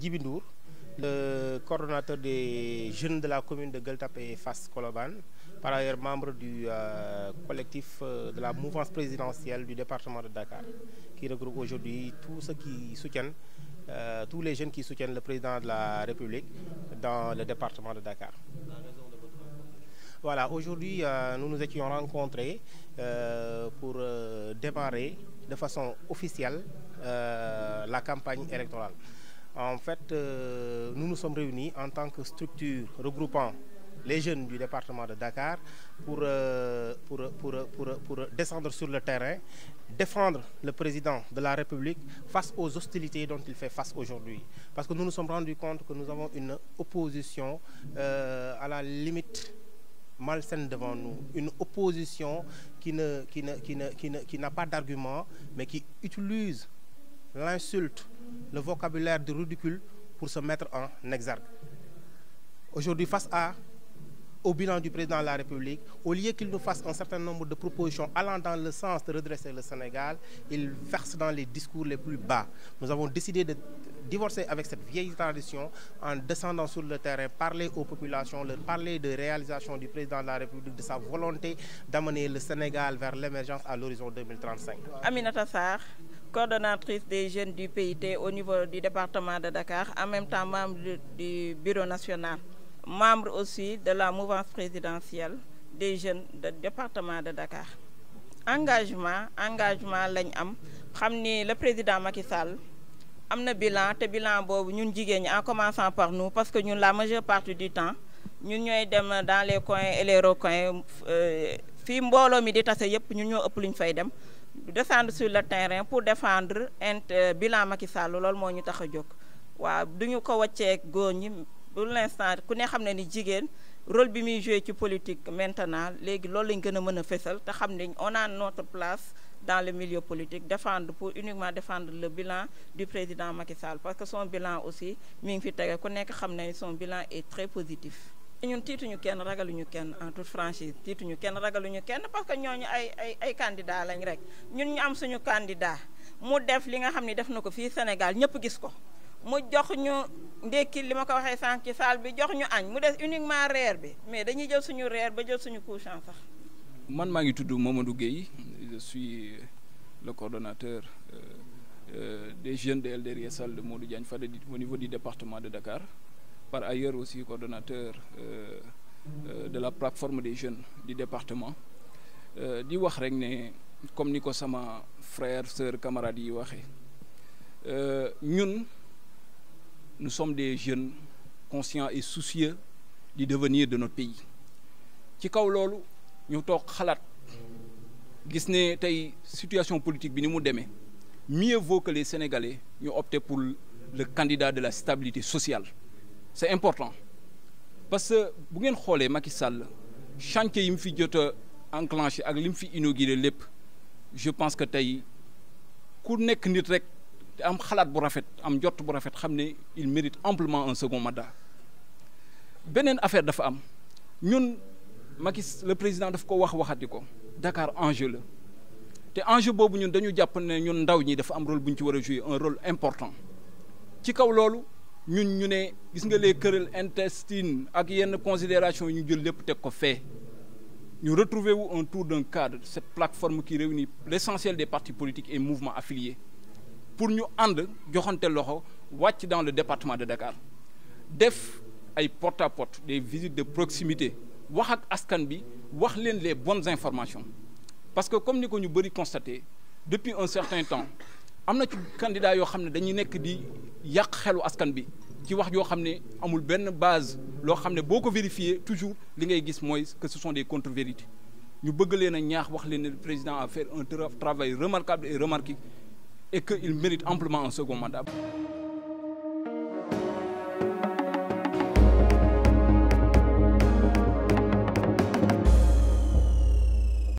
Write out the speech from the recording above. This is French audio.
suis le euh, coordonnateur des jeunes de la commune de Geltap et Fas Koloban, par ailleurs membre du euh, collectif euh, de la mouvance présidentielle du département de Dakar, qui regroupe aujourd'hui tous ceux qui soutiennent, tous les jeunes qui soutiennent le président de la République dans le département de Dakar. Voilà, aujourd'hui, nous nous étions rencontrés pour démarrer de façon officielle la campagne électorale. En fait, euh, nous nous sommes réunis en tant que structure regroupant les jeunes du département de Dakar euh, pour, descendre sur le terrain, défendre le président de la République face aux hostilités dont il fait face aujourd'hui. Parce que nous nous sommes rendus compte que nous avons une opposition euh, à la limite malsaine devant nous, une opposition qui n'a pas d'argument, mais qui utilise l'insulte, le vocabulaire du ridicule pour se mettre en exergue. Aujourd'hui, face à, au bilan du président de la République, au lieu qu'il nous fasse un certain nombre de propositions allant dans le sens de redresser le Sénégal, il verse dans les discours les plus bas. Nous avons décidé de divorcer avec cette vieille tradition en descendant sur le terrain, parler aux populations, leur parler de réalisation du président de la République, de sa volonté d'amener le Sénégal vers l'émergence à l'horizon 2035. Aminata Sarr, coordonnatrice des jeunes du PIT au niveau du département de Dakar, en même temps membre du bureau national, membre aussi de la mouvance présidentielle des jeunes du département de Dakar. Engagement, engagement lañ am le président Macky Sall a un bilan bilan Nous ñun jigéen en commençant par nous parce que nous la majeure partie du temps Nous sommes dans les coins et les recoins euh, fii mbooloo mi di tase nous ñun ñoo descendre sur le terrain pour défendre int bilan Macky Sall loolu moo ñu tax a du ñu ko wàcceeg góor ñi pour l'instant ku ne xam ni jigen rôle bi mi joué ci politique maintenant légui loolu lañu gëna mëna fessel a fésal on a notre place dans le milieu politique défendre pour uniquement défendre le bilan du président Macky Sall parce que son bilan aussi mi ngi fi tégué ku nekk xam son bilan est très positif ñun titre, kenn ñu kenn en toute franchise kenn kenn parce que ay ay ay lañ rek ñun ñu am suñu candidat mu def li nga def Sénégal ñëpp gis ko mu jox ñu ko bi jox ñu mu uniquement bi mais dañuy jël suñu ba jël suñu man ngi je suis euh, le coordonnateur euh, euh, des jeunes de LDR de Modou Diagne au niveau du département de Dakar par ailleurs aussi coordonnateur euh, euh, de la plateforme des jeunes du département euh, di wax rek comme Nico sama frère sœur camarades yi Nous, nous sommes des jeunes conscients et soucieux du devenir de notre pays ci kaw loolu ñu toog situation politique bi ni mieux vaut que les Sénégalais ñu opter pour le candidat de la stabilité sociale c'est important parce que bu ngeen regardez Macky Sall chantier qui a été enclenché et qui été inauguré je pense que aujourd'hui ku nit rek il mérite amplement un second mandat une affaire dafa am nous Macky le président de ko wax Dakar enjeu ñun dañu nous nous jouer un rôle important nous, ñu ne gis nga les querelles intestines ak yenn considération ñu jël lépp teg ko fee ñu retrouver wu un d'un cadre cette plateforme qui réunit l'essentiel des partis politiques et mouvements affiliés pour ñu ànd joxante loxo wàcc dans le département de Dakar def ay porte à porte des visites de proximité wax ak askan bi wax leen les bonnes informations parce que comme nous ko ñu constaté depuis un certain temps amna ci candidat yo xam dañuy nek di yak xelu askan bi ci wax yo xam amul ben base lo xam boko vérifier toujours li ngay gis moy que ce sont des contre-vérités ñu bëgg leena ñaax wax leen le président a fait un travail remarquable et remarqué et que il mérite amplement un second mandat